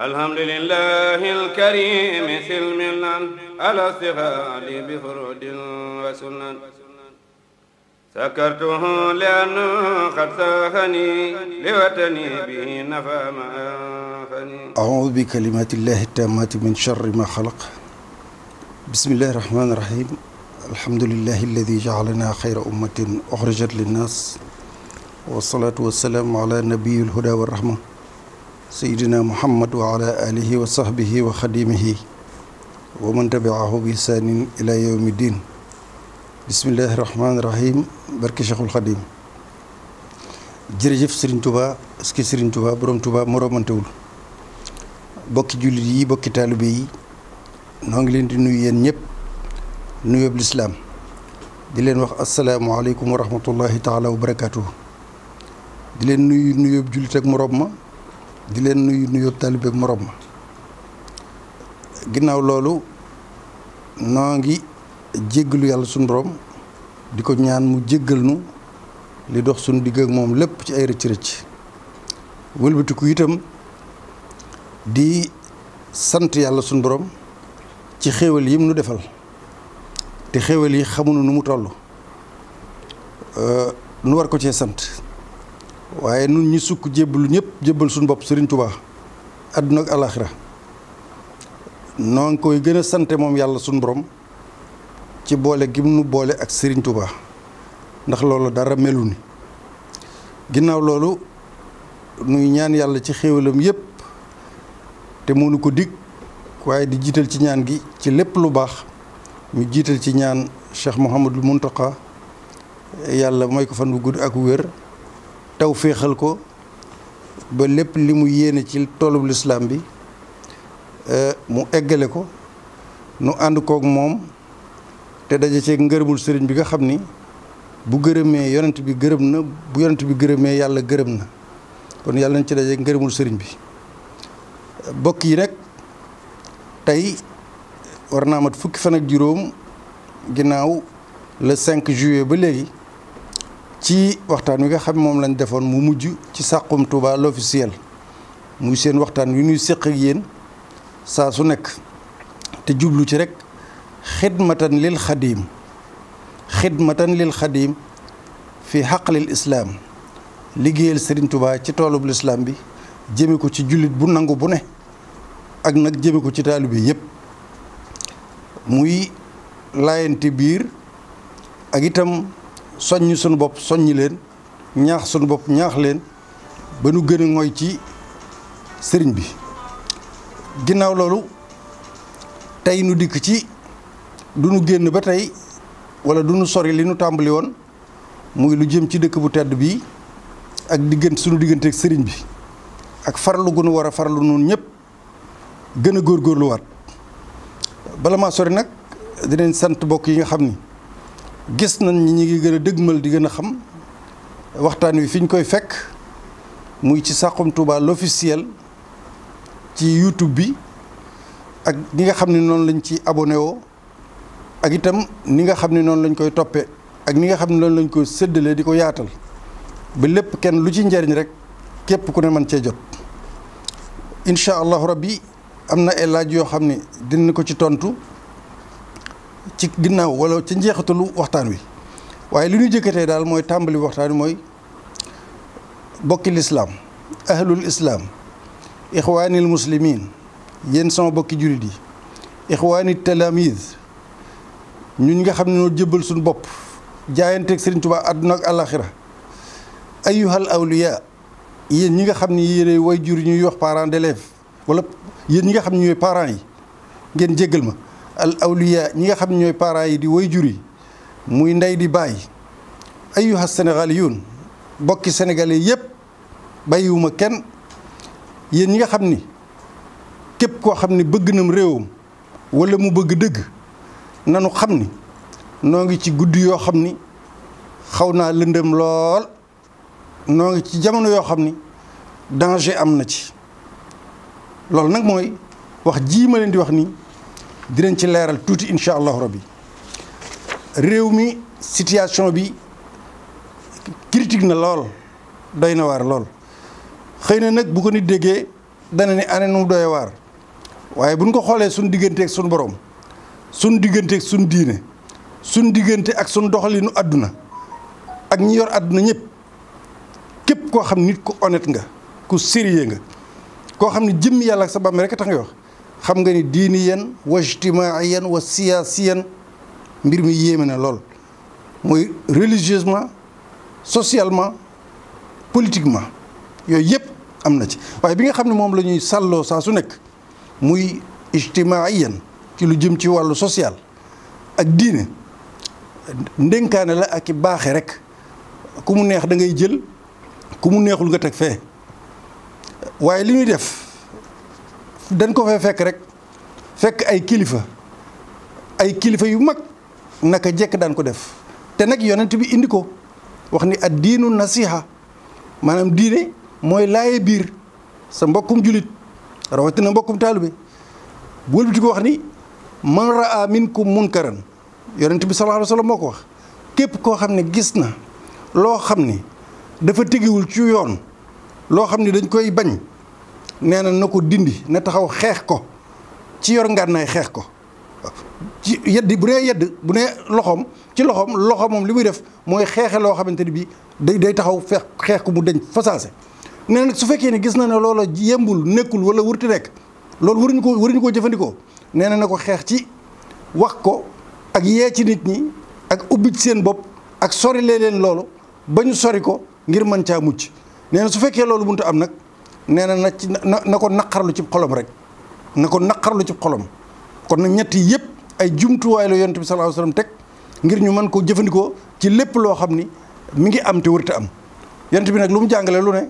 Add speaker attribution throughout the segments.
Speaker 1: الحمد لله الكريم سلم على استغال بفرود وسنن سكرته لأنه قد ساخني لوطني به نفى ما أعوذ بكلمات الله التامات من شر ما خلق بسم الله الرحمن الرحيم الحمد لله الذي جعلنا خير أمة أخرجت للناس والصلاة والسلام على نبي الهدى والرحمة sayidina muhammad wa ala alihi wa sahbihi wa xadimihi wa man tabiahu bi ihsaanin ila yawmi din bismillahi rahmaani rahim barki cheikhul xadim jërëjëf sëriñ tuba est-ce que sëriñ tuba boroom tuba moromantewul bokki jullit yi bokki taalibe yi noo ngi leen di nuyu yéen ñëpp nuyoob lislaam di leen wax asalaamualeykum wa rahmatullahi taala wa barakaatuhu di leen nuyu nuyoob jullit ak morom ma di leen nuyu nuyoo taalibe morom ma ginnaaw loolu noo ngi jéggalu yàlla suñu borom di ko ñaan mu jéggal nu li dox suñu digg ak moom lépp ci ay rëcc rëcc wëlbatiku itam di sant yàlla suñu borom ci xéewal yim nu defal te xéewal yi xamunu nu mu toll nu war ko cee sant waaye nun ñu sukk jébbalu ñëpp jébbal suñu bopp Serigne Touba àdduna ak alaxira noo ngi koy gën sante moom yàlla suñu borom ci boole gi mu boole ak Serigne Touba ndax loolu dara melu ni ginnaaw loolu nuy ñaan yàlla ci xéewalam yépp te mënu ko dig waaye di jiital ci ñaan gi ci lépp lu baax ñu jiital ci ñaan Cheikh Mouhamadul Mountakha yàlla may ko fan bu gudd ak wér taw féexal ko ba lépp li mu yéene ci toolub lislaam bi euh, mu eggale ko nu ànd kook moom te daje ceeg ngërëmul sëriñ bi nga xam ni bu gërëmee yonent bi gërëm na bi gërëmee yàlla gërëm na kon yàlla nañ ci daje ngërëmul sëriñ bi bokk yi nag tey war naa mat fukki fan ak juróom ginnaaw le 5 juillet ba léegi ci waxtaan wi nga xam moom lañ defoon mu mujj ci Saxum Touba l'officiel muy seen waxtaan wi ñuy séq ak yéen saa su nekk te jublu ci rek xidmatan lil xadiim xidmatan lil xadiim fi xaqlil islaam liggéeyal Serigne tubaa ci toolub lislaam bi jëme ko ci jullit bu nangu bu ne ak nag jëme ko ci taalibe yépp muy laayante biir ak itam soññ suñu bopp soññ leen ñaax suñu bopp ñaax leen ba nu gën a ci sëriñ bi ginnaaw loolu tey nu dikk ci du nu génn ba tey wala du nu sori li nu tàmbali woon muy lu jëm ci dëkk bu tedd bii ak diggante sunu diggante sëriñ bi ak farlu gu nu war a farlu noonu ñëpp gën a góorgóorluwaat bala maa sori nag dinañ sant bokk yi nga xam ni gis nañ ñi ñi ngi gën a dëgmal di gën a xam waxtaan wi fi ñu koy fekk muy ci Saxum Touba l'officiel ci YouTube bi ak ñi nga xam ne noonu lañ ci abonné woo ak itam ni nga xam ne noonu lañ koy toppee ak ni nga xam ne noonu lañ koy séddalee di ko yaatal ba lépp kenn lu ci njariñ rek képp ku ne mën cee jot incha allahu rabbi am na ay laaj yoo xam ne dinañ ko ci tontu. ci ginnaaw wala ci njeexatalu waxtaan wi waaye li ñu jëkkatee daal mooy tàmbali waxtaan wi mooy bokki lislaam ahlul islaam ixwaanil muslimin yéen sama bokki jullit yi ixwaani talaamiz ñun nga xam ne noo jëbbal suñu bopp jaayanteeg Sëriñ Tuubaa àdduna ak àlaxira ayyuhal awliya yéen ñi nga xam ne yéenay way jur ñuy wax parents d'élèves wala yéen ñi nga xam ne ñooy parents yi ngeen jéggal ma al awliya ñi nga xam ñooy parent yi di waajur juri muy ndey di bàyyi baay ayyuha sénégaliyun bokki sénégalais yépp bàyyiwuma kenn yéen ñi nga xam ni képp koo xam ni bëgg nam réewam wala mu bëgg dëgg nanu xam ni noo ngi ci guddi yoo xam ni xaw naa lëndam lool noo ngi ci jamono yoo xam ni danger am na ci loolu nag mooy wax jii ma leen di wax nii dinañ ci leeral tuuti incha allahu rabbi réew mi situation bi critique na lool doy na waar lool xëy na nag bu ko nit déggee dana ni ane nu doy waar waaye buñ ko xoolee suñ digganteek suñu suñ borom suñ diggante ak suñ diine suñ diggante ak suñ doxalinu àdduna ak ñi yor àdduna ñëpp képp koo xam nit ku honnête nga ku sérieux nga koo xam ne jëmm yàlla ak sa bàmm rek a tax nga yor xam nga ni diiniyan wa yenn wa siyaasiyan mbir mi yéeme na lool mooy religieusement socialement politiquement yooyu yëpp am na ci waaye bi nga xam ne moom la ñuy sàlloo saa su nekk muy yenn ci lu jëm ci wàllu sociale ak diine ndénkaane la ak i baaxe rek ku mu neex da ngay jël ku mu neexul nga teg fee waaye li ñuy def dañ ko fee fekk rek fekk ay kilifa ay kilifa yu mag naka jekk daan ko def te nag yonent bi indi ko wax ni ad diinu nasiha maanaam diine mooy laaye biir sa mbokkum julit na mbokkum taalibe bu wëlbati ko wax ni man raa minkum munkaran yonent bi sallallahu alayhi wasallam moo ko wax képp koo xam ne gis na loo xam ni dafa tegiwul ci yoon loo xam ne dañ koy bañ nee na na ko dindi na taxaw xeex ko ci yor ngànnaay xeex ko ci yedd bu nee yedd bu nee loxoom ci loxoom loxo moom li muy def mooy xeexe loo xamante ni bii day day taxaw feex xeex ko mu deñ fasaase nee nag su fekkee ni gis na ne loola yembul nekkul wala wurti nekk loolu waruñu ko waruñu koo jëfandikoo nee na na ko xeex ci wax ko ak yee ci nit ñi ak ubbi ci seen bopp ak sori leen loolu ba ñu sori ko ngir mën caa mucc nee su fekkee loolu mënut a am nag nee na na ci na ko naqarlu ci xolom rek na ko naqarlu ci xolom kon nag ñett yi yëpp ay jumtuwaay la yonent bi sallallahu alayhi teg ngir ñu mën ko jëfandikoo ci lépp loo xam ni mi ngi am te wërta am yonent bi nag lu mu jàngale lu ne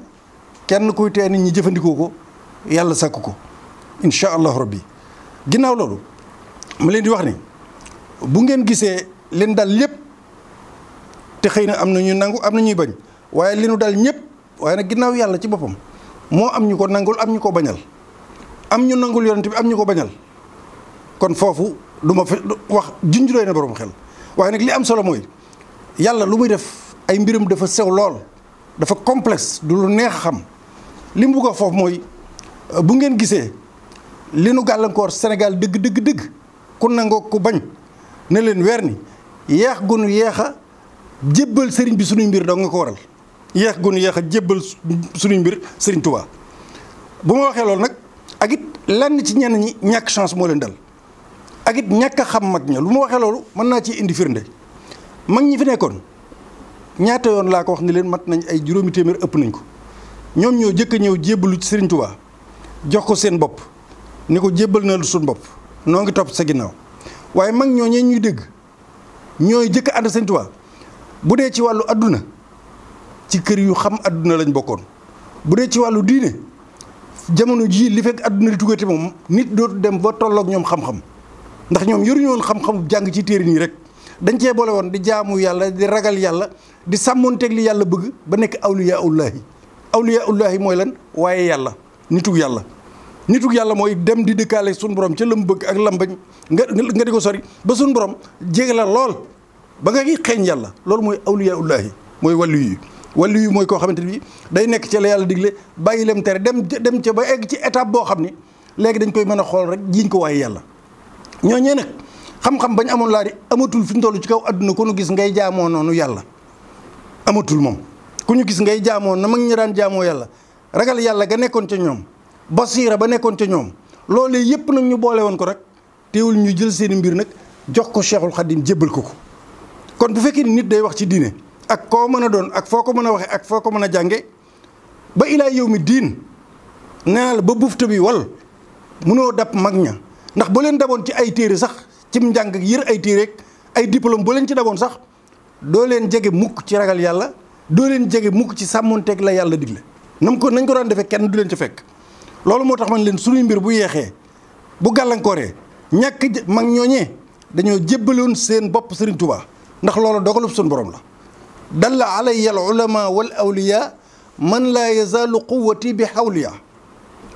Speaker 1: kenn kuy tee nit ñi jëfandikoo ko yàlla sàkk ko incha allahu rabbi ginnaaw loolu mu leen di wax ni bu ngeen gisee leen dal lépp te xëy na am na ñuy nangu am na ñuy bañ waaye li nu dal ñëpp waaye nag ginnaaw yàlla ci boppam moo am ñu ko nangul am ñu ko bañal am ñu nangul yonent bi am ñu ko bañal kon foofu du ma fi wax junj na borom xel waaye nag li am solo mooy yàlla lu muy def ay mbiram dafa sew lool dafa complexe du lu neex xam li mu bëgg foofu mooy euh, bu ngeen gisee li nu gàllankoor Sénégal dëgg dëgg dëgg ku nangoo ku bañ ne leen weer ni yeex gu nu yeex a jébbal sëriñ bi sunuy mbir doo nga ko waral. yéex gun yéex a jébbal suñu mbir Serigne Touba bu ma waxee loolu nag ak it ci ñenn ñi ñàkk chance moo leen dal agit ñàkk a xam mag ña lu ma waxee loolu mën naa ci indi firnde mag ñi fi nekkoon ñaata yoon laa ko wax ni leen mat nañ ay juróomi téeméer ëpp nañ ko ñoom ñoo jëkk a ñëw jébbalu ci Serigne jox ko seen bopp ni ko jébbal na lu bopp noo ngi topp sa ginnaaw waaye mag ñoo ñuy dégg ñooy jëkk ànd Serigne Touba bu dee ci wàllu àdduna ci kër yu xam adduna lañ bokkoon bu dee ci wàllu diine jamono jii li fekk adduna di tuggati moom nit dootu dem ba tollook ñoom xam-xam ndax ñoom yoruñu woon xam-xam jàng ci téere nii rek dañ cee boole woon di jaamu yàlla di ragal yàlla di sàmmoonteeg li yàlla bëgg ba nekk awliyaa ullaahi awliyaa ullaahi mooy lan waaye yàlla nitug yàlla nitug yàlla mooy dem di dëkkaale suñu borom ca lam bëgg ak lam bañ nga nga di ko sori ba suñu borom jege la lool ba nga xeeñ yàlla loolu mooy awliyaa ullaahi mooy wàllu wali yu mooy koo xamante ni day nekk ca la yàlla digle bàyyi lem tere dem dem ca ba egg ci étape boo xam ni léegi dañ koy mën a xool rek jiiñ ko waaye yàlla ñooñee nag xam-xam bañ amoon laa di amatul fi ñu toll ci kaw àdduna ku nu gis ngay jaamoon noonu yàlla amatul moom ku ñu gis ngay jaamoo na mag ñi daan jaamoo yàlla ragal yàlla ga nekkoon ca ñoom basiira ba nekkoon ca ñoom loolee yëpp nag ñu boole woon ko rek teewul ñu jël seen mbir nag jox ko cheikhul xadim jébbal ko ko kon bu fekkee ni nit day wax ci diine ak koo mën a doon ak foo ko mën a waxee ak foo ko mën a jànge ba ilaa yow mi diin nee naa la ba bufta bi wal munoo dab mag ña ndax boo leen daboon ci ay téere sax cim njàng yër ay téere ay diplôme boo leen ci daboon sax doo leen jege mukk ci ragal yàlla doo leen jege mukk ci sàmmonteeg la yàlla digle nam ko nañ ko daan defee kenn du leen ci fekk loolu moo tax man leen suñuy mbir bu yeexee bu gàllankooree ñàkk mag ñooñee dañoo jébbaloon seen bopp Serigne Touba ndax loolu dogalub suñu borom la dalla alayya al ulama wal awliya man laa yazaalu quwati bi xawliya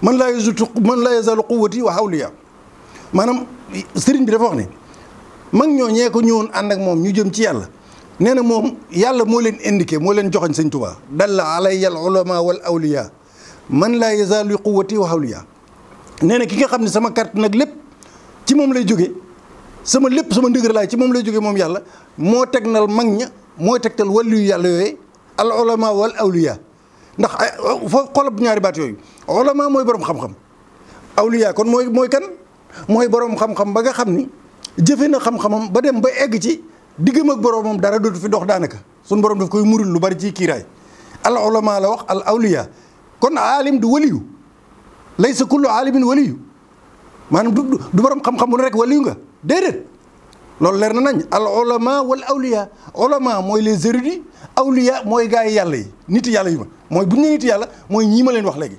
Speaker 1: man laa yazutu man laa yazaalu quwati wa xawliya maanaam sëriñ bi dafa wax ne mag ñoo ñee ko ñëwoon ànd ak moom ñu jëm ci yàlla nee na moom yàlla moo leen indiqué moo leen joxoñ sëñ Tuubaa dalla alayya al ulama wal awliya man la laa yazaalu quwati wa xawliya nee na ki nga xam ne sama carte nag lépp ci moom lay jóge sama lépp sama ndigal laay ci moom lay jógee moom yàlla moo tegnal mag ña mooy tegtal waliyu yàlla yooyu al ulama wal awliya ndax ay foofu xolob ñaari baat yooyu ulama mooy borom xam-xam kon mooy mooy kan mooy borom xam ba nga xam ni jëfe na xam-xamam ba dem ba egg ci diggam ak boromam dara dootu fi dox daanaka suñu borom daf koy murul lu bari ci kiiraay al ulama la wax al awliya kon aalim du waliyu laysa kullu aalimin waliyu maanaam du borom xam-xam bu rek waliyu nga. déedéet loolu leer na nañ al ulama wal awliya ulama mooy les yi awliya mooy gars yi yàlla yi nit yàlla yi ma mooy bu ñu nit yàlla mooy ñii ma leen wax léegi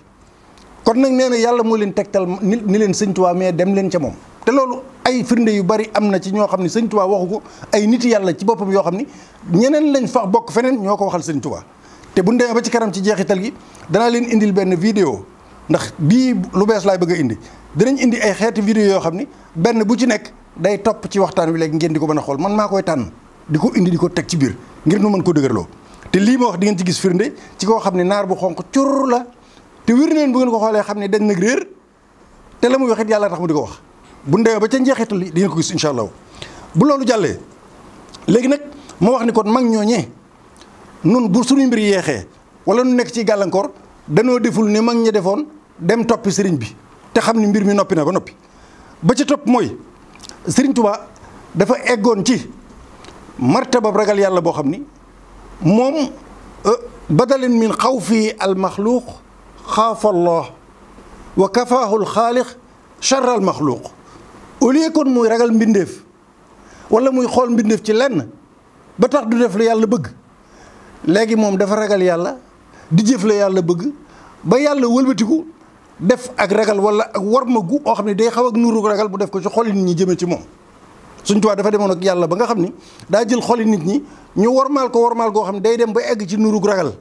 Speaker 1: kon nag nee na yàlla moo leen tegtal nit ni leen sëñ Tuubaa mais dem leen ca moom te loolu ay firnde yu bari am na ci ñoo xam ne sëñ Tuubaa waxu ko ay nit yàlla ci boppam yoo xam ni ñeneen lañ fax bokk feneen ñoo ko waxal sëñ Tuubaa te bu ñu demee ba ci kanam ci jeexital gi danaa leen indil benn vidéo ndax bii lu bees laay bëgg a indi dinañ indi ay xeeti vidéo yoo xam ni benn bu ci nekk day topp ci waxtaan wi léegi ngeen di ko mën a xool man maa koy tànn di ko indi di ko teg ci biir ngir nu mën ko dëgërloo te lii ma wax di ngeen ci gis firnde ci koo xam ne naar bu xonq cur la te wér na leen bu ngeen ko xoolee xam ne dañ nag réer te la muy wax yàlla tax mu di ko wax bu ndewee ba ca njeexital di ngeen ko gis incha allah bu loolu jàllee léegi nag moo wax ni kon mag ñooñee nun bu suñu mbir yeexee wala nu nekk ci gàllankoor danoo deful ni mag ñi defoon dem toppi sëriñ bi te xam ni mbir mi noppi na ba noppi ba ca topp mooy Sëriñ Tuba dafa eggoon ci martaba ragal yàlla boo xam ni moom euh, badalin min xawfi almaxluuq xaafa allah wa kafaahu alxaaliq charra almaxluuq au lieu kon muy ragal mbindeef wala muy xool mbindeef ci lenn ba tax du def la yàlla bëgg léegi moom dafa ragal yàlla di jëf la yàlla bëgg ba yàlla wëlbatiku def ak ragal wala ak war ma gu oo xam ne day xaw ak nuuru ragal bu def ko ci xoli nit ñi jëmee ci moom suñ tubaab dafa demoon ak yàlla ba nga xam ni daa jël xoli nit ñi ñu warmaal ko warmaal goo xam ne day dem ba egg ci nuuru ragal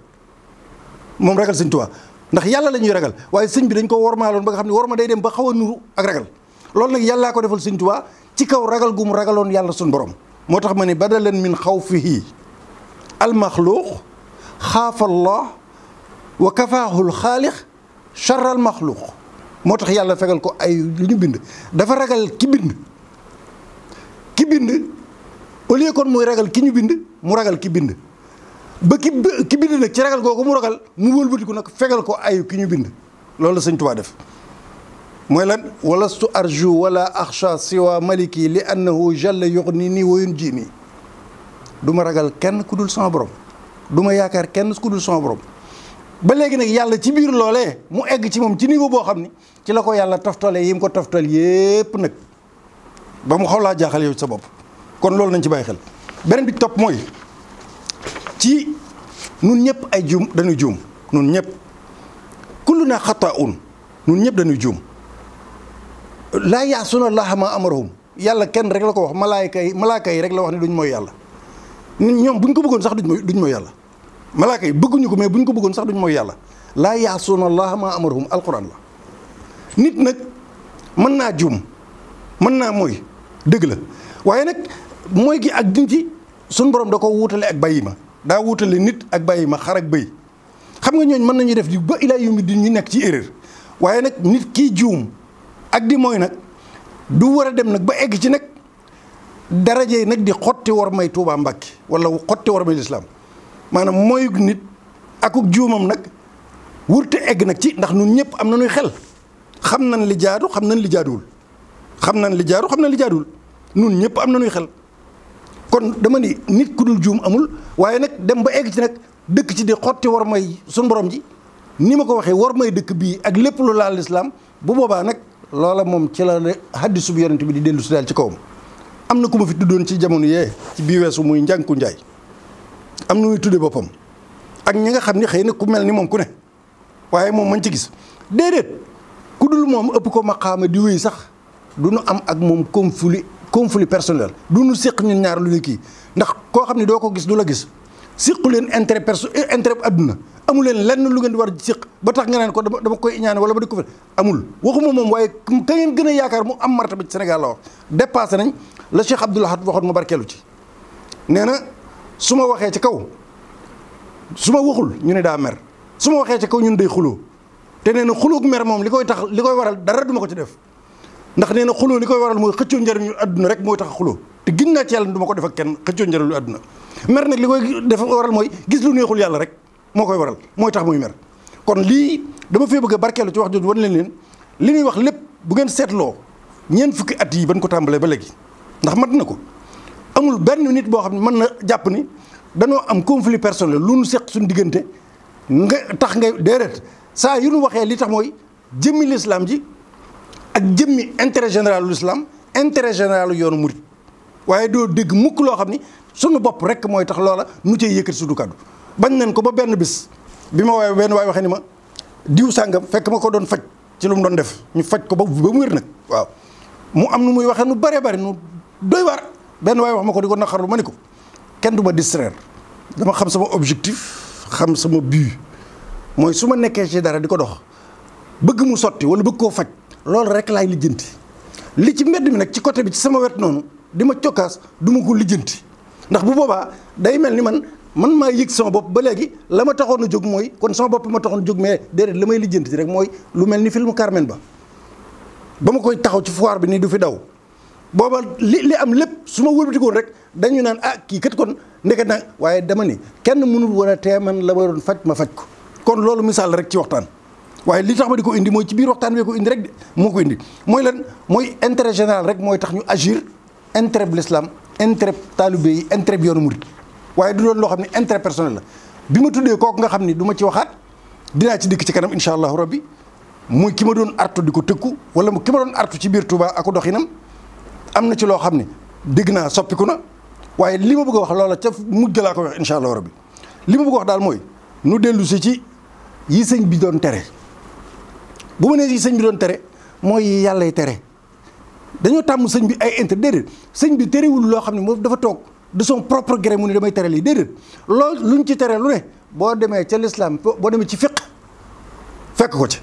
Speaker 1: moom ragal suñ tubaab ndax yàlla la ñuy ragal waaye sëñ bi dañ ko warmaaloon ba nga xam ne warma day dem ba xaw a nuru ak ragal loolu nag yàlla ko defal suñ tubaab ci kaw ragal gu mu ragaloon yàlla suñ borom moo tax ma ne badalan min xawfihi almaxluuq xaafa allah wa kafaahu alxaalix charal maxluq moo tax yàlla fegal ko ay li ñu bind dafa ragal ki bind ki bind au lieu kon muy ragal ki ñu bind mu ragal ki bind ba ki ki bind nag ci ragal googu mu ragal mu wëlbatiku nag fegal ko ayu ki ñu bind loolu la sëñ def mooy lan walastu arju wala axsha siwa maliki li annahu jalla yuxni nii wa jii nii du ragal kenn ku dul sama borom du ma yaakaar kenn ku dul sama borom ba léegi nag yàlla ci biir loole mu egg ci moom ci niveau boo xam ni ci la ko yàlla toftalee yi mu ko toftal yépp nag ba mu xaw laa jaaxal yow sa bopp kon loolu nañ ci bàyyi xel beneen bi topp mooy ci nun ñëpp ay juum dañuy juum nun ñëpp naa na un nun ñëpp dañuy juum laa yaasuna allaha ma amarahum yàlla kenn rek la ko wax malaay kay malaaka yi rek la wax ne duñ mooy yàlla ñoom buñ ko bëggoon sax duñ mooy duñ mooy yàlla malaaka yi bëgguñu ko mais buñ ko bëggoon sax duñ mooy yàlla laa yaasuuna allaha maa amarahum alquran la nit nag mën naa juum mën naa mooy dëgg la waaye nag mooy kii ak din ci suñ borom da ko wuutale ak bàyyi ma daa wuutale nit ak bàyyi ma xar ak bëy xam nga ñooñ mën nañuy def di ba ilaa yumi di ñu nekk ci erreur waaye nag nit kii juum ak di mooy nag du war a dem nag ba egg ci nag daraje nag di xotti war may Tuubaa Mbàkke wala xotti war may lislaam maanaam mooy nit akuk juumam nag wurte egg nag ci ndax nun ñëpp am na nuy xel xam nañ li jaadu xam nañ li jaaduwul xam nañ li jaadu xam nañ li jaaduwul nun ñëpp am na nuy xel kon dama ni nit ku dul juum amul waaye nag dem ba egg ci nag dëkk ci di xotti war may suñ borom ji ni ma ko waxee war may dëkk bii ak lépp lu laal lislaam bu boobaa nag loola moom ci la hadisu bi yonent bi di dellu si daal ci kawam am na ku ma fi tuddoon ci jamono yee ci bii weesu muy njànku njaay am na muy tuddee boppam ak ñi nga xam ni xëy na ku mel ni moom ku ne waaye moom mañ ci gis déedéet ku dul moom ëpp ko maqaama di wéy sax du nu am ak moom conflit conflit personnel du nu séq ñun ñaar lu ñu kii ndax koo xam ne doo ko gis du la gis séqu leen intérêt perso eh, intérêt àdduna amu leen lenn lu ngeen di war a séq ba tax nga naan ko dama dama koy ñaan wala ba di ko fa amul waxuma moom waaye ka ngeen gën a yaakaar mu am martaba ci Sénégal la wax dépassé nañ la Cheikh Abdoul Ahad waxoon mu barkeelu ci nee na su ma waxee ci kaw su ma waxul ñu ne daa mer su ma waxee ci kaw ñun day xuloo te nee na xulóog mer moom li koy tax li koy waral dara duma ko ci def ndax nee na xuloo li koy waral mooy xëccoo njëriñu àdduna rek mooy tax xuloo te gis naa ci yàlla ko def kenn xëccoo njëriñu àdduna mer nag li koy def waral mooy gis lu neexul yàlla rek moo koy waral mooy tax muy mer kon lii dama fee bëgg a barkeelu ci wax jooju wan leen leen li muy wax lépp bu ngeen seetloo ñeent fukki at yi ban ko tàmbalee ba léegi ndax mat na ko amul benn nit boo xam ne mën na jàpp ni danoo am conflit personnel lu nu seq suñu diggante nga tax nga déedéet saa yu nu waxee li tax mooy jëmmi lislaam ji ak jëmmi intérêt généralu l'islam intérêt général yoonu murit waaye doo dégg mukk loo xam ni sunu bopp rek mooy tax loola nu cee yëkkati suñu kaddu bañ ko ba benn bis bi ma waaye benn waay waxee ni ma diw sàngam fekk ma ko doon faj ci lu mu doon def ñu faj ko ba ba mu wér nag waaw mu am nu muy waxee nu bëree bëri nu doy benn waaye wax ma ko di ko naqarlu ma ni ko kenn du ma distraire dama xam sama objectif xam sama bii mooy su ma nekkee ci dara di ko dox bëgg mu sotti wala bëgg koo faj loolu rek laay lijjanti li ci mbedd mi nag ci côté bi ci sama wet noonu di ma cokkaas duma ma ko lijjanti ndax bu boobaa day mel ni man man maa yëg sama bopp ba léegi la ma taxoon a jóg mooy kon sama bopp ma taxoon jóg mais déedéet la may lijjanti rek mooy lu mel ni film Carmen ba ba ma koy taxaw ci foire bi nii du fi daw booba li li am lépp su ma wëlbatikoon rek dañu naan ah kii kat kon ndeket nag waaye dama ni kenn mënul war a tee man la ma doon faj ma faj ko kon loolu misaal rek ci waxtaan waaye li tax ma di ko indi mooy ci biir waxtaan bee ko indi rek moo ko indi mooy lan mooy intérêt général rek mooy tax ñu agir intérêt bu l'islam intérêt taalibe yi intérêt bi yoonu murid waaye du doon loo xam ne intere personnel la bi ma tuddee kooku nga xam ni duma ma ci waxaat dinaa ci dikk ci kanam incha allahu rabbi muy ki ma doon artu di ko tëkku wala ki ma doon artu ci biir Touba ak doxinam am na ci loo xam ni dégg naa soppiku na waaye li ma bëgg a wax loola ca mujj laa ko wax incha allah rabbi li ma bëgg a wax daal mooy nu dellu si ci yi sëñ bi doon tere bu ma nee yi sëñ bi doon tere mooy yi yàllay tere dañoo tàmm sëñ bi ay intérêt déedéet sëñ bi terewul loo xam ne moom dafa toog de son propre gré mu ne damay tere lii déedéet loolu luñ ci tere lu ne boo demee ca lislaam boo demee ci fiq fekk ko ci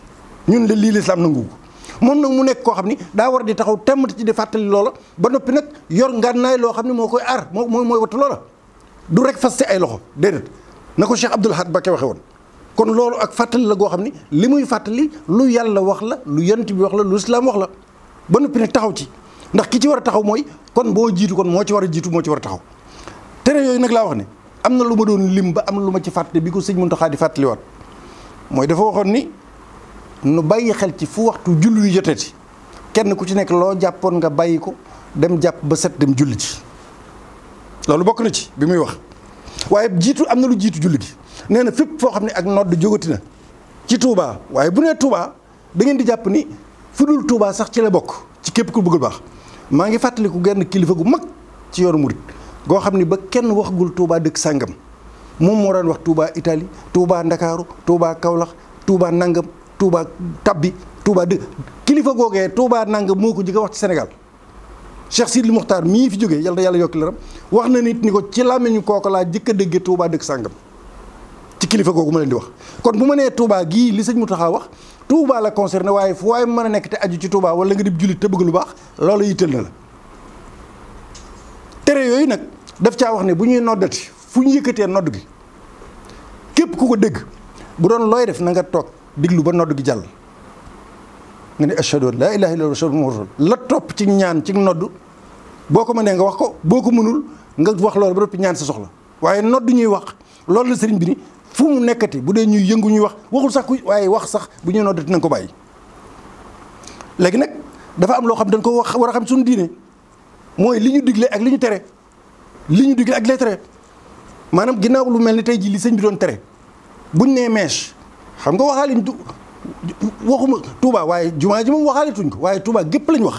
Speaker 1: ñun de lii lislaam nangu ko moom nag mu nekk koo xam ni daa war di taxaw temm ci di fàttali loola ba noppi nag yor ngànnaay loo xam ne moo koy aar moo mooy mooy wattu loola du rek fas ci ay loxo déedéet na ko Cheikh Abdoul Ahad Mbacké waxe woon kon loolu ak fàttali la goo xam ni li muy fàttali lu yàlla wax la lu yant bi wax la lu islaam wax la ba noppi nag taxaw ci ndax ki ci war a taxaw mooy kon boo jiitu kon moo ci war a jiitu moo ci war a taxaw tere yooyu nag laa wax ne am na lu ma doon lim ba am lu ma ci fàtte bi ko sëñ Muntaxa di fàttaliwaat mooy dafa waxoon ni nu bàyyi xel ci fu waxtu julli yu jotati kenn ku ci nekk loo jàppoon nga bàyyi ko dem jàpp ba set dem julli ci loolu bokk na ci bi muy wax waaye jiitu am na lu jiitu julli gi nee na fépp foo xam ne ak nodd jógati na ci Touba waaye bu nee tuubaa da ngeen di jàpp ni fu dul Touba sax ci la bokk ci képp ku bëggul baax maa ngi fàttaliku genn kilifa gu mag ci yoonu murit goo xam ni ba kenn waxagul tuubaa dëkk sàngam moom moo daan wax tuubaa Italie Touba Ndakaaru Touba Kaolack Touba Nangam. Touba tabbi Touba dëgg kilifa googee Touba nangam moo ko jëkk a wax ci senegal Sénégal Cheikh Sidil Muxtaar mii fi jógee yàlla na yàlla yokk leeram wax na nit ni ko ci làmmiñu kooku laa jëkk a déggee Touba dëgg sàngam ci kilifa googu ma leen di wax. kon bu ma nee Touba gii li sëñ Mountakha wax Touba la concerné waaye foo waaye mën a nekk te aju ci Touba wala nga di jullit te bëgg lu baax loolu yitteel na la tere yooyu nag daf caa wax ne bu ñuy noddati fu ñu yëkkatee nodd gi ku ko dégg doon looy def na toog. diglu ba nodd gi jàll nga ne ashhadu an laa ilaaha illallaah ashhadu muhammadu rasul la topp ci ñaan ci nodd boo ko mënee nga wax ko boo ko mënul nga wax loolu ba noppi ñaan sa soxla waaye nodd ñuy wax loolu la sëriñ bi ni fu mu nekkati bu dee ñuy yëngu ñuy wax waxul sax ku waaye wax sax bu ñuy noddati nañ ko bàyyi léegi nag dafa am loo xam dañ ko wax war a xam suñu diine mooy li ñu digle ak li ñu tere li ñu digle ak les tere maanaam ginnaaw lu mel ni tey jii sëñ bi doon tere buñ nee mèche xam nga waxaaliñ du waxuma Touba waaye jumaa ji moom waxaalituñ ko waaye Touba gépp lañ wax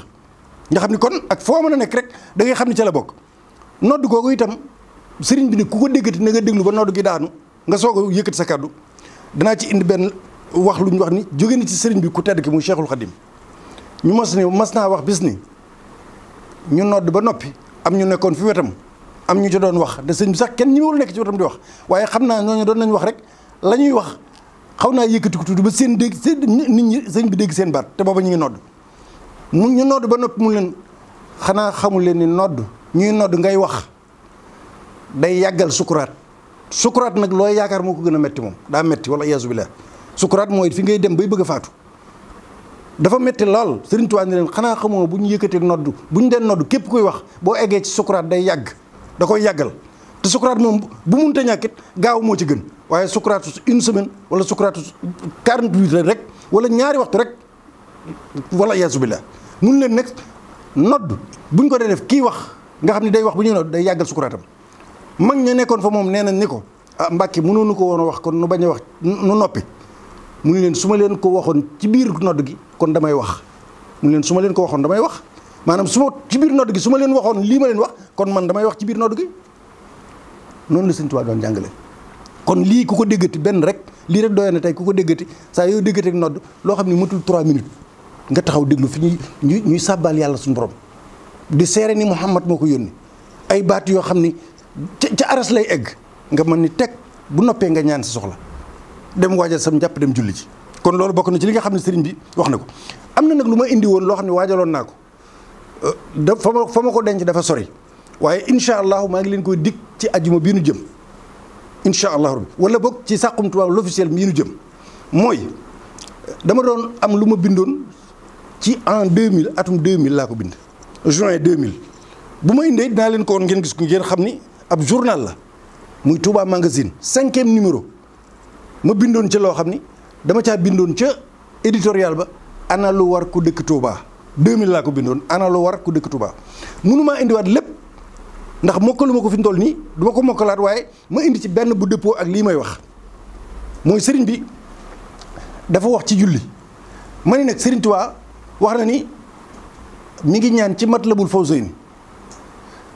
Speaker 1: nga xam ni kon ak foo mën a nekk rek da xam ni ca la bokk nodd googu itam sëriñ bi ni ku ko déggati na nga déglu ba nodd gi daanu nga soog a yëkkati sa kaddu danaa ci indi benn wax lu ñu wax ni jóge ni ci sëriñ bi ku tedd ki muy Cheikhul Khadim ñu mos ni mas naa wax bis ni ñu nodd ba noppi am ñu nekkoon fi wetam am ñu ci doon wax de sëñ bi sax kenn ñi di wax waaye xam naa ñooñu doon nañ wax rek la ñuy wax xaw naa yëkkati ko tuuti ba seen dégg seen nit ñi sëñ bi dégg seen baat te booba ñu ngi nodd mu ñu nodd ba nopp mu leen xanaa xamul leen ni nodd ñuy nodd ngay wax day yàggal sukuraat sukuraat nag looy yaakaar moo ko gën a metti moom daa metti wala iyaasu billah sukuraat mooy fi ngay dem bay bëgg faatu dafa metti lool Sëriñ Tuubaa ni leen xanaa xamoo bu ñu yëkkatee nodd bu ñu dee nodd képp kuy wax boo eggee ci sukuraat day yàgg da koy yàggal te sukuraat moom bu munta ñàkkit gaaw moo ci gën waaye sukuraatu une semaine wala sukuraatu 48 rek wala ñaari waxtu rek wala yaasu billah nun leen nekk nodd buñ ko dee def kiy wax nga xam ni day wax bu ñu nodd day yàggal sukuraatam mag ña nekkoon fa moom nee nañ ni ko ah mbàkki mënoonu ko woon wax kon nu bañ a wax nu noppi mu ne leen su ma leen ko waxoon ci biir nodd gi kon damay wax mu ne leen su ma leen ko waxoon damay wax maanaam su ci biir nodd gi su leen waxoon lii ma leen wax kon man damay wax ci biir nodd gi noonu la Sëñ Tuubaa doon jàngale kon lii ku ko déggati benn rek lii rek doy na tey ku ko déggati saa yoo déggati ak nodd loo xam ne matul 3 minutes nga taxaw déglu fi ñuy ñuy ñuy sàbbaal yàlla suñu borom di seere ni Muhammad moo ko yónni ay baat yoo xam ni ca ca aras lay egg nga mën ni teg bu noppee nga ñaan sa soxla dem waajal sam njàpp dem julli ci kon loolu bokk na ci li nga xam ne sëriñ bi wax na ko am na nag lu ma indi woon loo xam ne waajaloon naa ko euh, da fa ma fa ma ko denc dafa sori waaye incha allahu maa ngi leen koy dikk ci ajuma bii nu jëm incha allahu rabbi wala boog ci Saxum Touba l'officiel bii nu jëm mooy dama doon am lu ma bindoon ci en 2000 atum 2000 laa ko bind juin 2000 bu ma indee dinaa leen ko ngeen gis ku ngeen xam ni ab journal la muy Touba magazine cinquième numéro ma bindoon ca loo xam ni dama caa bindoon ca éditorial ba ana lu war ku dëkk Touba 2000 laa ko bindoon ana lu war ku dëkk Touba mënumaa indiwaat lépp ndax mokkalu ma ko fi mu toll nii du ko mokkalaat waaye ma indi ci benn bu dëppoo ak lii may wax mooy sëriñ bi dafa wax ci julli ma ne nag sëriñ Tuubaa wax na ni mu ngi ñaan ci mat Matlabul Fawzayni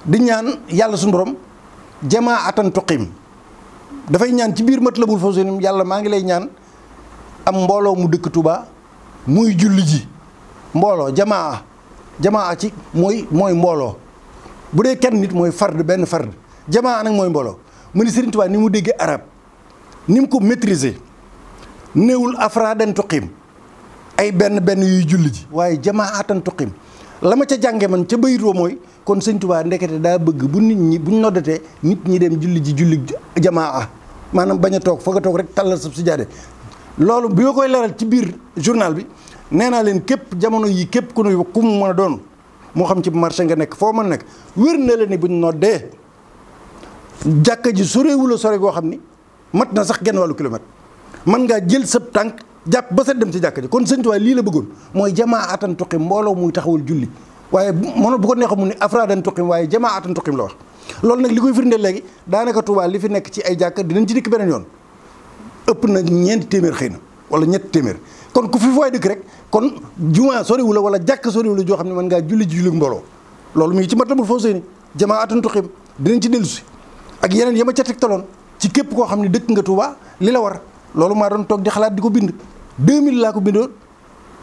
Speaker 1: di ñaan yàlla su borom jamaa atan tuqim dafay ñaan ci biir Matlabul Fawzayni yàlla maa ngi lay ñaan am mbooloo mu dëkk Tuubaa muy julli ji mbooloo jamaa jamaa ci mooy mooy mbooloo. bu dee kenn nit mooy fard benn fard jamaa nag mooy mbooloo mu ni Sëriñ Tuubaa ni mu déggee arab ni mu ko maîtriser néewul afraadan tuqim ay benn benn yuy julli ji waaye jamaa atan tuqim la ma ca jànge man ca bayit wa mooy kon Sëriñ Tuubaa ndekete daa bëgg bu nit ñi buñ noddatee nit ñi dem julli ji julli jamaa maanaam baña toog fa toog rek tallal sab sijaade loolu bi nga koy leeral ci biir journal bi nee naa leen képp jamono yii képp ku nuy ku mu mën a doon moo xam ci marché nga nekk foo man nekk wér na la ni buñ noddee jàkka ji sorewula sore goo xam ni mat na sax genn wàllu kilomètre mën ngaa jël sab tànk jàpp ba sa dem ci jàkka ji kon sëñ Tuubaa lii la bëggoon mooy jamaa atan tuqim mbooloo muy taxawal julli waaye mono bu ko neexoon mu ne afraadan tuqim waaye jamaa atan tuqim la wax loolu nag li koy firndeel léegi daanaka Tuubaa li fi nekk ci ay jàkka dinañ ci dikk beneen yoon ëpp na ñeenti téeméer xëy na wala ñetti téeméer kon ku fi fooy dëkk rek kon jumaa soriwu la wala jàkk soriwu la joo xam ne mën ngaa julli ji julli mbooloo loolu mu ngi ci matlabul faw seyni jamaa atantuxim dinañ ci dellusi ak yeneen yama ca tegtaloon ci képp koo xam ne dëkk nga Tuuba li la war loolu doon toog di xalaat di ko bind 2000 laa ko bindoon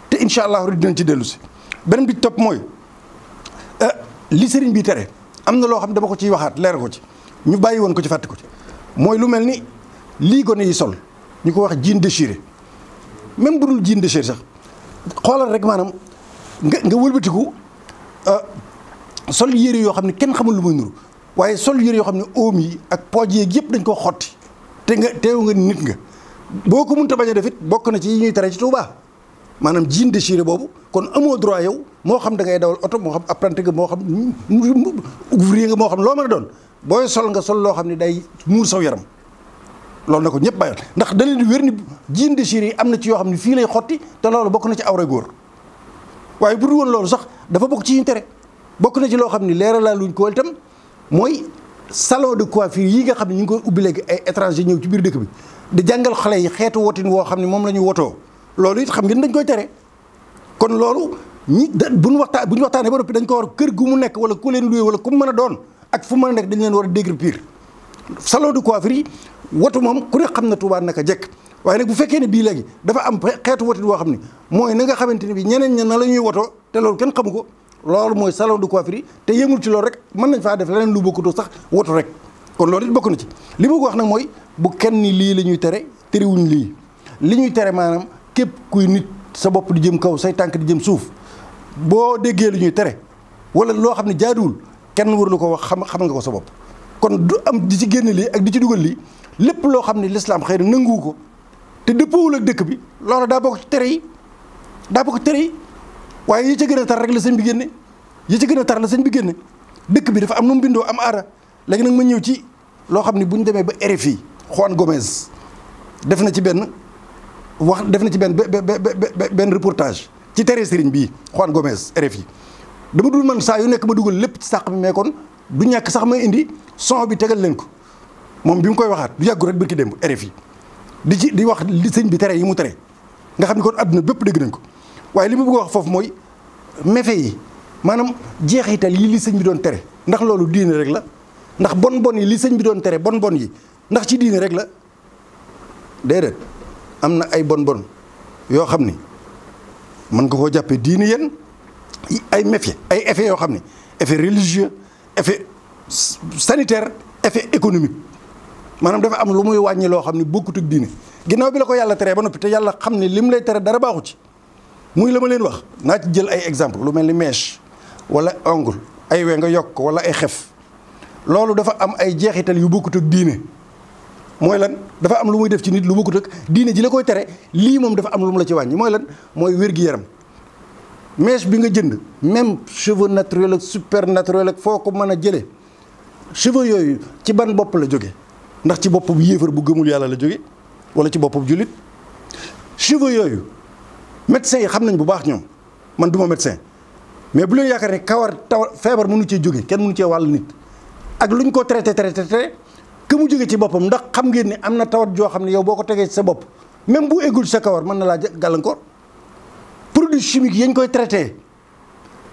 Speaker 1: te incha allah rek dinañ ci dellusi beneen bi topp mooy euh, li sëriñ bi tere am na loo xam ne dama ko ciy waxaat leer ko ci ñu bàyyi woon ko ci fàtte ko ci mooy lu mel ni lii gone yi sol ñu ko wax jean déchiré même bu dul jiin de cher sax xoolal rek maanaam nga nga wëlbatiku euh, sol yére yoo xam ne kenn xamul lu muy nuru waaye sol yére yoo xam ne oom yi ak pooj yeeg yëpp dañ koo xotti te nga teew nga nit nga boo ko mënta bañ a def it bokk na ci yi ñuy tere ci Touba maanaam jean déchiré boobu kon amoo droit yow moo xam da ngay dawal oto moo xam apprenti nga moo xam ouvrier nga moo xam loo mën a doon booy sol nga sol loo xam ne day muur saw yaram loolu ne ko ñëpp bàyyoon ndax da leen di wér ni jean déchiré yi am na ci yoo xam ne fii lay xotti te loolu bokk na ci awra góor waaye bu dul woon loolu sax dafa bokk ci intérêt bokk na ci loo xam ne leeralal luñ ko itam mooy salon de coiffure yi nga xam ne ñu ngi koy ubbi léegi ay étranger ñëw ci biir dëkk bi di jàngal xale yi xeetu wotin woo xam ne moom la ñu wotoo loolu it xam ngeen dañ koy tere kon loolu ñi da bu ñu waxtaan bu ñu waxtaanee ba noppi dañ ko war kër gu mu nekk wala ku leen luye wala ku mu mën a doon ak fu mu a nekk dañ leen war a déglu pire salon de coiffure yi watu moom ku ne xam na Touba naka jekk waaye nag bu fekkee ne bii léegi dafa am xeetu watin boo xam ne mooy na nga xamante ne bi ñeneen ña na la ñuy woto te loolu kenn xamu ko loolu mooy salon de coiffure yi te yemul ci loolu rek mën nañ faa def leneen lu bokkutoo sax wotu rek loolu it bokk na ci li ma ko wax nag mooy bu kenn ni lii lañuy ñuy tere terewuñ lii li ñuy tere maanaam képp kuy nit sa bopp di jëm kaw say tànk di jëm suuf boo déggee lu ñuy tere wala loo xam ne jaaduwul kenn lu ko wax xam xam nga ko sa bopp kon du am di ci génn lii ak di ci dugal lii lépp loo xam ne lislaam xëy na nanguwu ko te dëppoowul la dëkk bi loolu daa bokk tere yi daa bokk tere yi waaye yi ca gën a tar rek la sëñ bi génne yi ca gën a tar la sëñ bi génne dëkk bi dafa am nu mu bindoo am aada léegi nag ma ñëw ci loo xam ne bu ñu demee ba RFI Juan Gomez def na ci benn wax def na ci benn benn reportage ci tere sëriñ bi Juan Gomez RFI dama dul man saa yu nekk ma dugal lépp ci sàq bi mais kon du ñàkk sax ma indi son bi tegal leen ko moom bi mu koy waxaat du yàggu rek bërki démb RFI di ci di wax li sëñ bi tere yi mu tere nga xam ni kon adduna bépp dégg nañ ko waaye li ma bëgg a wax foofu mooy méfe yi maanaam jeexital yi li sëñ bi doon tere ndax loolu diine rek la ndax bon bon yi li sëñ bi doon tere bon bon yi ndax ci diine rek la déedéet am na ay bon bon yoo xam ni mën nga koo jàppee diine yen ay méfie ay effet yoo xam ni effet religieux effet sanitaire effet économique maanaam dafa am lu muy wàññi loo xam ne bokkut ak diine ginnaaw bi la ko yàlla teree ba noppi te yàlla xam ne lim lay tere dara baaxu ci muy la ma leen wax naa ci jël ay exemple lu mel ni mèche wala ongle ay we nga yokk wala ay xef loolu dafa am ay jeexital yu bokkut ak diine mooy lan dafa am lu muy def ci nit lu bokkut diine ji la koy tere lii moom dafa am lu mu la ci wàññi mooy lan mooy wér-gi-yaram mèche bi nga jënd même cheveux naturel ak super foo ko mën a jëlee cheveux yooyu ci ban bopp la jóge ndax ci bopp bu yéefar bu gëmul yàlla la jóge wala ci bopp bu jullit cheveux yooyu médecins yi xam nañ bu baax ñoom man du ma médecin mais bu leen yaakaar ne kawar taw feebar mënu cee jóge kenn mënu cee wàll nit ak lu ñu ko traité traité traité que mu jóge ci boppam ndax xam ngeen ni am na tawat joo xam ne yow boo ko tegee ci sa bopp même bu égul sa kawar mën na laa gàllankoor produit chimique yañ koy traité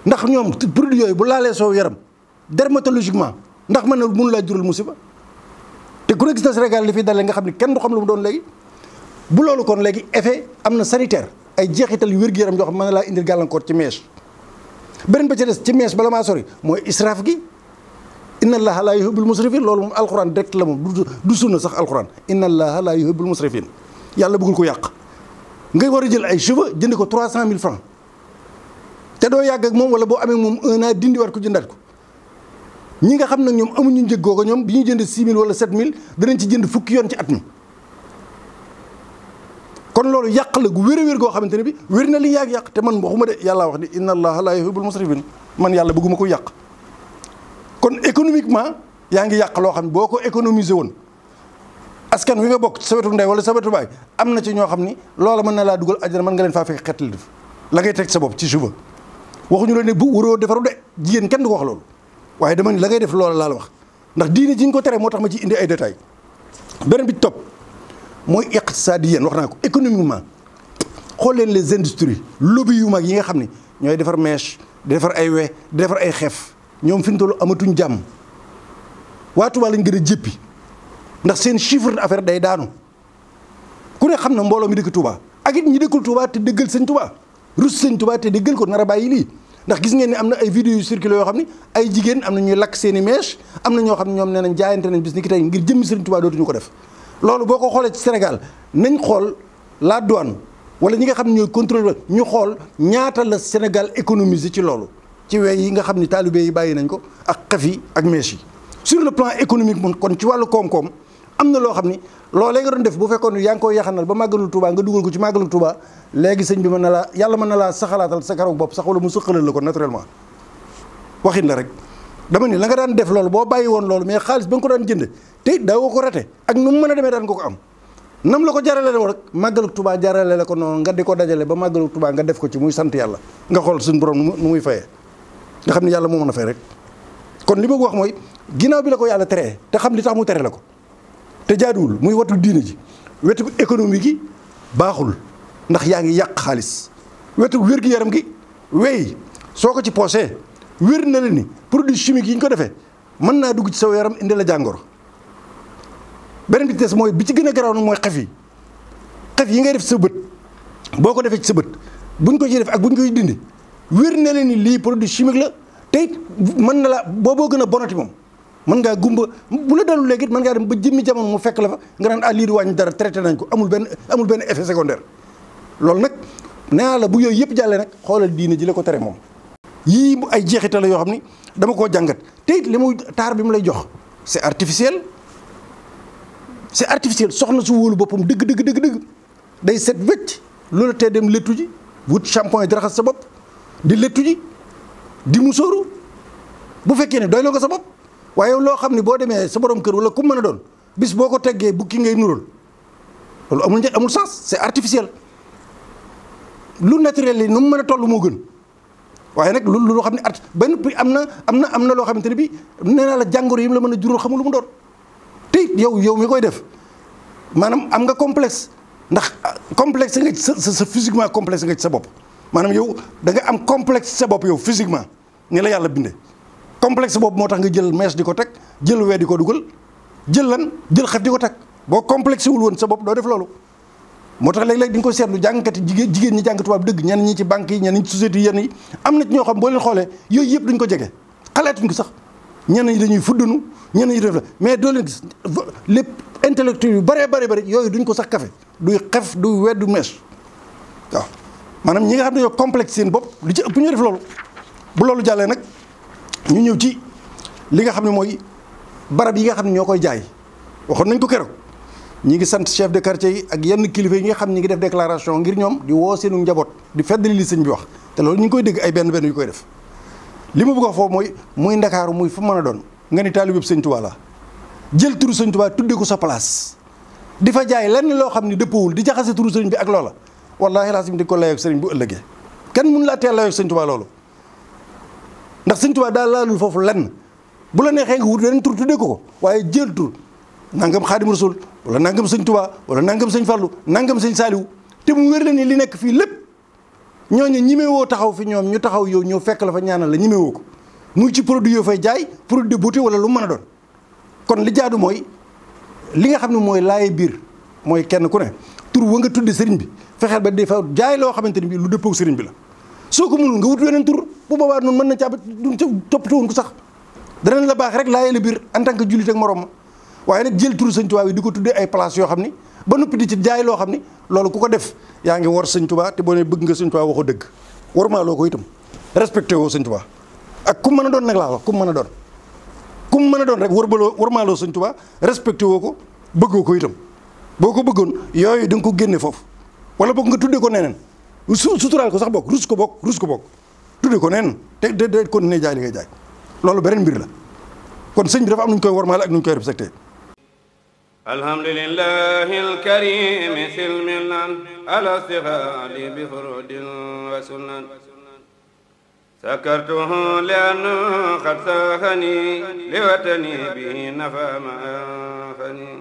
Speaker 1: ndax ñoom produit yooyu bu laalee soo yaram dermatologiquement ndax mën na mun laa jural musiba te ku ne gis li fi dalee nga xam ne kenn du xam lu mu doon léegi bu loolu kon léegi effet am na sanitaire ay jeexital yu wér-gu-yaram yoo xam mën na laa indi gàllankoor ci mèche beneen ba ci des ci mèche bala maa sori mooy israaf gi inna allaha laa yuhibbul musrifin loolu moom alxuraan direct la moom du na sax alxuraan inna allaha laa yuhibbul musrifin yàlla bëggul ko yàq ngay war a jël ay cheveux jënd ko trois cent mille francs te doo yàgg ak moom wala boo amee moom un dindi war ko jëndaat ko ñi nga xam nag ñoom amuñu njëg googu ñoom bi ñuy jënd 6000 wala 7000 danañ ci jënd fukki yoon ci at mi kon loolu yàq la gu wér a wér goo xamante ne bi wér na li yàgg yàq te man waxuma de yàlla wax ni inna allaha la yuhibbul musrifin man yàlla bëgguma ko yàq kon économiquement yaa ngi yàq loo xam ne boo ko économiser woon askan wi nga bokk sa wetu ndey wala sa wetu baay am na ci ñoo xam ni loola mën na laa dugal àjjana mën nga leen faa fekk xeetal def la ngay teg sa bopp ci suba waxuñu la ne bu waroo defaru de jigéen kenn du wax loolu waaye dama ni la ngay def loola laal wax ndax diine ji ko tere moo tax ma ci indi ay détails beneen bi topp mooy iqtisaadiyan wax naa ko économiquement xool leen les industries lobby yu mag yi nga xam ne ñooy defar mèche di defar ay we di defar ay xef ñoom fi ñu toll amatuñ jàmm waa Tuubaa lañ gën a jéppi ndax seen chiffre d'affaires day daanu ku ne xam na mbooloo mi dëkk Tuubaa ak it ñi dëkkul Tuubaa te dëggal sëñ Tuubaa rus sëñ Tuubaa te dëggal ko nar a bàyyi lii ndax gis ngeen ne am na ay vidéo yu circulé yoo xam ne ay jigéen am na ñuy lakk seeni i am na ñoo xam ne ñoom nee nañ jaayante nañ bis ni ki tey ngir jëmmi Serigne Touba dootuñu ko def loolu boo ko xoolee ci Sénégal nañ xool la douane wala ñi nga xam ne ñooy contrôle ñu xool ñaata la Sénégal économiser ci loolu ci wey yi nga xam ne taalibe yi bàyyi nañ ko ak xef yi ak mèche yi sur le plan économique moom kon ci wàllu koom-koom am na loo xam ni loolee nga doon def bu fekkoon yaa ngi koy yaxanal ba màggalul Touba nga dugal ko ci màggalul Touba léegi sëñ bi mën na laa yàlla mën na laa saxalaatal sa karaw bopp sax wala mu sëqalal la ko naturellement waxin la rek dama ni la nga daan def loolu boo bàyyi woon loolu mais xaalis ba nga ko daan jënd te daaw ko rate ak nu mu a demee daan nga ko am nam la ko jarale woon rek màggaluk Touba jarale la ko noonu nga di ko dajale ba màggaluk tubaa nga def ko ci muy sant yàlla nga xool suñu borom nu muy fayee nga xam ne yàlla moo mën a fay rek kon li bëgg wax mooy ginnaaw bi la ko yàlla tere te xam li tax mu tere la ko te jaaduwul muy watu diine ji wetu économie gi baaxul ndax yaa ngi yàq xaalis wetu wér-gi-yaram gi wey soo ko ci poosee wér na la ni produit chimique yi ñu ko defee mën naa dugg ci sa yaram indi la jàngoro beneen bi des mooy bi ci gën a garaaw nag mooy xef yi xef yi ngay def sa bët boo ko defee ci sa bët buñ ko ci def ak buñ koy dindi wér na la ni lii produit chimique la tey it mën na la booboo gën a bonati moom mën ngaa gumba bu la dalu léegi mën ngaa dem ba jëmmi jamono mu fekk la fa nga naan ah lii di wàññi dara traité nañ ko amul benn amul benn effet secondaire loolu nag nee la bu yooyu yëpp jàllee nag xoolal diine ji la ko tere moom yii ay jeexital la yoo xam ni dama koo jàngat te li muy taar bi mu lay jox c'est artificiel c'est artificiel soxna su wóolu boppam dëgg dëgg dëgg day set wécc loola tee dem léttu ji wut shampoing di raxas sa bopp di léttu di musóoru bu fekkee ne doy la ko sa bopp waaye loo xam ne boo demee sa borom kër wala ku mën a doon bis boo ko teggee bukki ngay nural loolu amul një amul sens c'est artificiel lu naturel li nu mu mën a toll moo gën waaye nag lu loo xam ne art ba noppi am na am na am na loo xamante ne bii nee naa la jàngoro yi mu la mën a jural xamul lu mu doon te yow yow mi koy def maanaam am nga complexe ndax ah, complexe nga ci sa sa physiquement complexe nga ci sa bopp maanaam yow da nga am complexe sa bopp yow physiquement ni yàlla bindee. complexe boobu moo tax nga jël mees di ko teg jël wee ko dugal jël lan jël xef di ko teg boo complexe wul woon sa bopp doo def loolu moo tax léeg-léeg di nga ko seetlu jàngkati yi ñenn ñi ci société yi yenn yi am na ci ñoo xam boo leen xoolee ko jege xalaatuñ ko sax ñenn ñi dañuy fuddanu ñenn ñi def la mais doo leen gis lépp intellectuel yu bëree bëri bëri yooyu duñ ko sax kafe duy xef du wedd du mees waaw maanaam ñi nga xam ne yoo complexe seen bopp lu ci ëpp ñu def loolu bu loolu jàllee nag ñu ñëw ci li nga xam ne mooy barab yi nga xam ne ñoo koy jaay waxoon nañ ko keroog ñi ngi sant chef de quartier yi ak yenn kilifa yi nga xam ni ngi def déclaration ngir ñoom di woo seenu njaboot di feddali li sëñ bi wax te loolu ñu ngi koy dégg ay benn benn yu koy def li ma bëgg wax foofu mooy muy ndakaaru muy fu man a doon nga ni taalibe sëñ Tuubaa la jël turu sëñ Tuubaa tudde ko sa place di fa jaay lenn loo xam ne dëppawul di jaxase turu sëñ bi ak loola wallaahi laasim di ko layoog sëriñ bu ëllëgee kenn mun laa teel layoog sëñ Tuubaa ndax sëñ Tuubaa daal laalul foofu lenn bu la neexee nga wut beneen tur tuddee ko ko waaye jël tur nangam xaadim rasul wala nangam sëñ Tuubaa wala nangam sëñ Fallu nangam sëñ Saaliw te mu wér la ni li nekk fii lépp ñooñu ñimewoo taxaw fi ñoom ñu taxaw yow ñëw fekk la fa ñaana la ñimewoo ko muy ci produit yoo fay jaay produit de beauté wala lu man a doon kon li jaadu mooy li nga xam ne mooy laaye biir mooy kenn ku ne tur wa nga tudde sëriñ bi fexeel ba di fa jaay loo xamante ni bi lu dëppoo sëriñ bi la soo ko mënul nga wut weneen tur bu boobaa noonu mën na caabi duñ ca toppatoo woon ko sax danañ la baax rek laa la biir en tant que jullit ak morom ma waaye nag jël turu sëñ Tuubaa yi di ko tuddee ay place yoo xam ni ba noppi di ci jaay loo xam ni loolu ku ko def yaa ngi war sëñ Tuubaa te boo nee bëgg nga sëñ Tuubaa waxoo dëgg waruma loo ko itam respecté woo sëñ Tuubaa ak ku mën a doon nag laa wax ku mën a doon ku mën a doon rek warbaloo warmaaloo sëñ Tuubaa respecté woo ko bëggoo ko itam boo ko bëggoon yooyu da nga ko génne foofu wala bëgg nga tuddee ko neneen su suturaal ko sax bokk rus ko bokk rus ko bokk tudde ko neen te de de continuer jaay li jaay loolu beneen mbir kon sëñ bi dafa am nu ñu koy wormaale ak nu ñu koy respecté alhamdulillahi alkarim silmilan ala sihali bi furudin wa sakartuhu li annu xad sahani bi nafa ma